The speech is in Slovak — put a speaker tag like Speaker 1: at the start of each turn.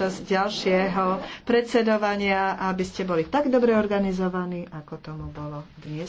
Speaker 1: počas ďalšieho predsedovania, aby ste boli tak dobre organizovaní, ako tomu bolo dnes.